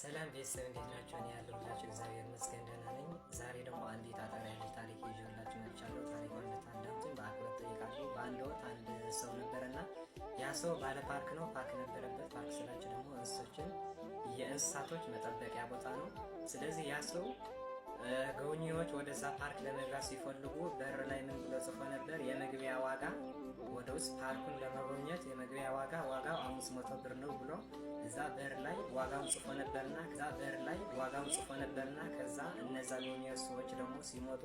ሰላም ቤተሰብ እንዴት ናቸው? እኔ ያለሁላችሁ እግዚአብሔር ይመስገን ደህና ነኝ። ዛሬ ደግሞ አንዲት አጠር ያለች ታሪክ ይዤላችሁ መጥቻለሁ። ማለት እንድታዳምጡኝ በአክብሮት ጠይቃችሁ። በአንድ ወቅት አንድ ሰው ነበረና ያ ሰው ባለ ፓርክ ነው። ፓርክ ነበረበት። ፓርክ ስላችሁ ደግሞ እንስሶችን የእንስሳቶች መጠበቂያ ቦታ ነው። ስለዚህ ያ ሰው ጎብኚዎች ወደዛ ፓርክ ለመግባት ሲፈልጉ በር ላይ ምን ብሎ ጽፎ ነበር? የመግቢያ ዋጋ ቅዱስ ፓርኩን ለመጎብኘት የመግቢያ ዋጋ ዋጋው አምስት መቶ ብር ነው ብሎ እዛ በር ላይ ዋጋውን ጽፎ ነበርና ከዛ በር ላይ ዋጋውን ጽፎ ነበርና ከዛ እነዛ የሚያዩት ሰዎች ደግሞ ሲመጡ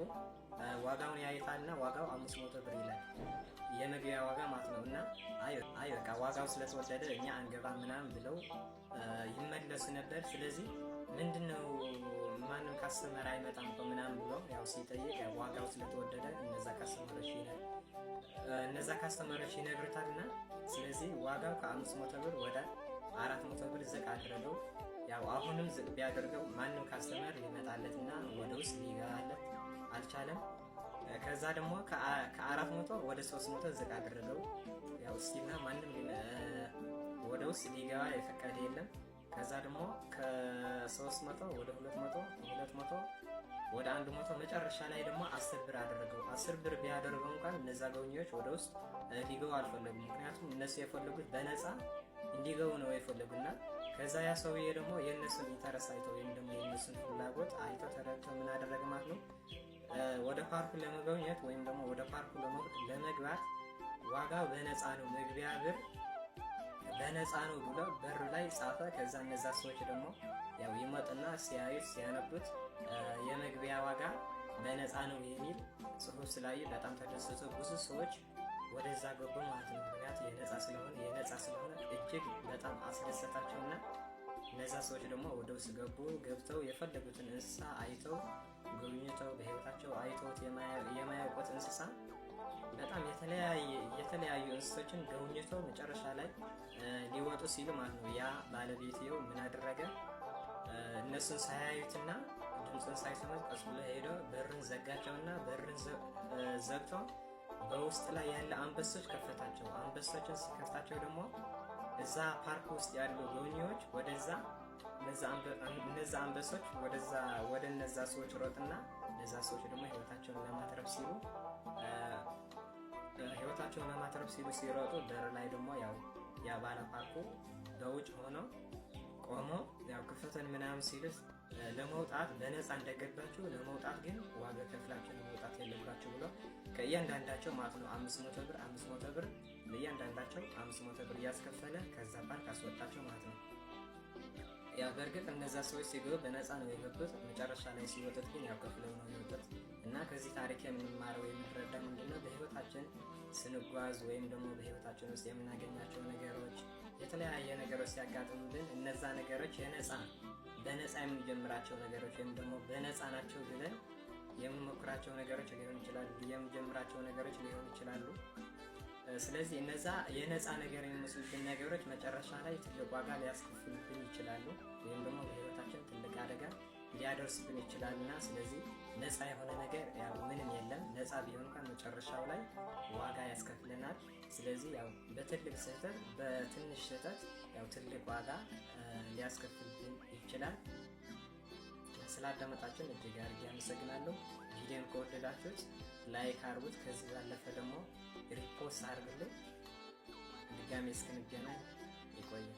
ዋጋውን ያይታልና ዋጋው አምስት መቶ ብር ይላል የመግቢያ ዋጋ ማለት ነው። እና አይ በቃ ዋጋው ስለተወደደ እኛ አንገባ ምናምን ብለው ይመለሱ ነበር። ስለዚህ ምንድን ነው ማንም ካስተመር አይመጣም ምናምን ብሎ ያው ሲጠይቅ ዋጋው ስለተወደደ እነዛ ካስተመሮች ይላል እነዛ ካስተማሪዎች ይነግሩታል እና ስለዚህ ዋጋው ከአምስት መቶ ብር ወደ አራት መቶ ብር ዝቅ አድርገው ያው አሁንም ዝቅ ቢያደርገው ማንም ካስተመር ሊመጣለት እና ወደ ውስጥ ሊገባለት አልቻለም። ከዛ ደግሞ ከአራት መቶ ወደ ሶስት መቶ ዝቅ አደረገው። ያው እስቲና ማንም ወደ ውስጥ ሊገባ የፈቀደ የለም። ከዛ ደግሞ ከ300 ወደ 200 200 ወደ 100 መጨረሻ ላይ ደግሞ 10 ብር አደረገው። 10 ብር ቢያደርገው እንኳን እነዛ ጎብኚዎች ወደ ውስጥ ሊገቡ አልፈለጉም። ምክንያቱም እነሱ የፈለጉት በነፃ እንዲገቡ ነው የፈለጉና ከዛ ያ ሰውዬ ደግሞ የእነሱን ኢንተረስ አይቶ ወይም ደግሞ የእነሱን ፍላጎት አይቶ ተረድቶ ምን አደረገ ማለት ነው ወደ ፓርኩ ለመጎብኘት ወይም ደግሞ ወደ ፓርኩ ለመግባት ዋጋው በነፃ ነው መግቢያ ብር በነፃ ነው ብሎ በር ላይ ጻፈ። ከዛ እነዛ ሰዎች ደግሞ ያው ይመጡና ሲያዩት ሲያነቡት የመግቢያ ዋጋ በነፃ ነው የሚል ጽሑፍ ስላዩ በጣም ተደሰቱ። ብዙ ሰዎች ወደዛ ገቡ ማለት ነው። ምክንያት የነፃ ስለሆነ የነፃ ስለሆነ እጅግ በጣም አስደሰታቸውና እነዛ ሰዎች ደግሞ ወደ ውስጥ ገቡ። ገብተው የፈለጉትን እንስሳ አይተው ጉብኝተው በህይወታቸው አይተውት የማያውቁት እንስሳ በጣም የተለያዩ እንስሶችን ገውኝቶ መጨረሻ ላይ ሊወጡ ሲሉ ማለት ነው ያ ባለቤትየው ምን አደረገ? እነሱን ሳያዩትና ድምፅን ሳይሰማ ቀስ ብሎ ሄዶ በርን ዘጋቸውና በርን ዘግቶ በውስጥ ላይ ያለ አንበሶች ከፈታቸው። አንበሶችን ሲከፍታቸው ደግሞ እዛ ፓርክ ውስጥ ያሉ ገውኚዎች ወደዛ እነዛ አንበሶች ወደ እነዛ ሰዎች ሮጥና እነዛ ሰዎች ደግሞ ህይወታቸውን ለማትረፍ ሲሉ የራሳቸውን ለማትረፍ ሲሉ ሲሮጡ ዳር ላይ ደግሞ ያው ያ ባለፋቁ በውጭ ሆኖ ቆሞ ያው ክፍተን ምናምን ሲልስ ለመውጣት በነፃ እንደገባችሁ ለመውጣት ግን ዋጋ ከፍላችሁ ለመውጣት የለባችሁ ብሎ ከእያንዳንዳቸው ማለት ነው አምስት መቶ ብር አምስት መቶ ብር ለእያንዳንዳቸው አምስት መቶ ብር እያስከፈለ ከዛ ፓርክ አስወጣቸው ማለት ነው። ያ በእርግጥ እነዛ ሰዎች ሲገቡ በነፃ ነው የገቡት። መጨረሻ ላይ ሲወጡት ግን ያው ከፍለው ነው የወጡት እና ከዚህ ታሪክ የምንማረው የምንረዳ ምንድነው በህይወታችን ስንጓዝ ወይም ደግሞ በህይወታችን ውስጥ የምናገኛቸው ነገሮች፣ የተለያየ ነገሮች ሲያጋጥሙብን እነዛ ነገሮች የነፃ በነፃ የምንጀምራቸው ነገሮች ወይም ደግሞ በነፃ ናቸው ብለን የምንሞክራቸው ነገሮች ሊሆን ይችላሉ፣ የምንጀምራቸው ነገሮች ሊሆን ይችላሉ ስለዚህ እነዛ የነፃ ነገር የሚመስሉብን ነገሮች መጨረሻ ላይ ትልቅ ዋጋ ሊያስከፍሉብን ይችላሉ፣ ወይም ደግሞ በህይወታችን ትልቅ አደጋ ሊያደርስብን ይችላል እና ስለዚህ ነፃ የሆነ ነገር ያው ምንም የለም። ነፃ ቢሆን እንኳን መጨረሻው ላይ ዋጋ ያስከፍለናል። ስለዚህ ያው በትልቅ ስህተት፣ በትንሽ ስህተት ያው ትልቅ ዋጋ ሊያስከፍልብን ይችላል። ስላዳመጣችን እጅግ አድርጌ አመሰግናለሁ። ቪዲዮን ከወደዳችሁት ላይክ አርጉት። ከዚህ ባለፈ ደግሞ ሪፖስት አድርግልን። ድጋሜ እስክንገናኝ ይቆያል።